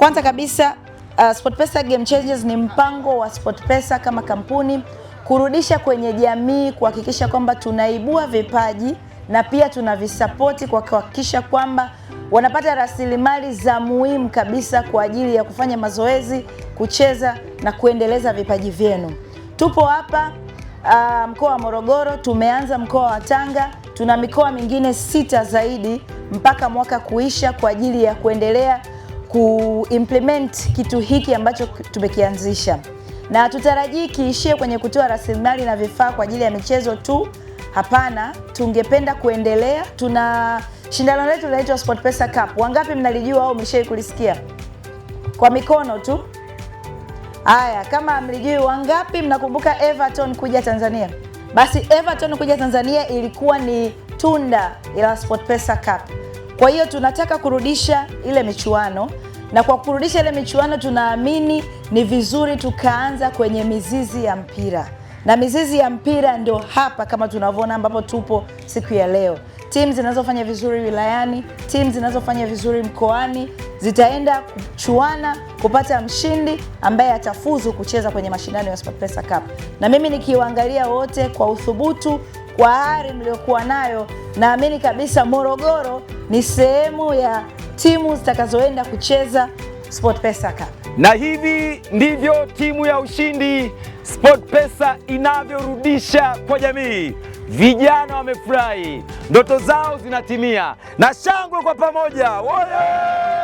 Kwanza kabisa uh, SportPesa Game Changers ni mpango wa SportPesa kama kampuni kurudisha kwenye jamii, kuhakikisha kwamba tunaibua vipaji na pia tunavisapoti kwa kuhakikisha kwamba wanapata rasilimali za muhimu kabisa kwa ajili ya kufanya mazoezi, kucheza na kuendeleza vipaji vyenu. Tupo hapa uh, mkoa wa Morogoro, tumeanza mkoa wa Tanga, tuna mikoa mingine sita zaidi mpaka mwaka kuisha kwa ajili ya kuendelea kuimplement kitu hiki ambacho tumekianzisha, na tutarajii kiishie kwenye kutoa rasilimali na vifaa kwa ajili ya michezo tu. Hapana, tungependa kuendelea. Tuna shindano letu linaitwa SportPesa Cup. Wangapi mnalijua au umeshai kulisikia? Kwa mikono tu. Haya, kama mlijui wangapi mnakumbuka Everton kuja Tanzania? Basi Everton kuja Tanzania ilikuwa ni tunda ila SportPesa Cup kwa hiyo tunataka kurudisha ile michuano, na kwa kurudisha ile michuano tunaamini ni vizuri tukaanza kwenye mizizi ya mpira, na mizizi ya mpira ndio hapa kama tunavyoona ambapo tupo siku ya leo. Timu zinazofanya vizuri wilayani, timu zinazofanya vizuri mkoani zitaenda kuchuana kupata mshindi ambaye atafuzu kucheza kwenye mashindano ya SportPesa Cup. Na mimi nikiwaangalia wote kwa uthubutu, kwa ari mliokuwa nayo naamini kabisa Morogoro ni sehemu ya timu zitakazoenda kucheza Pesa Cup. Na hivi ndivyo timu ya ushindi Pesa inavyorudisha kwa jamii. Vijana wamefurahi, ndoto zao zinatimia, na shangwe kwa pamoja. Woye!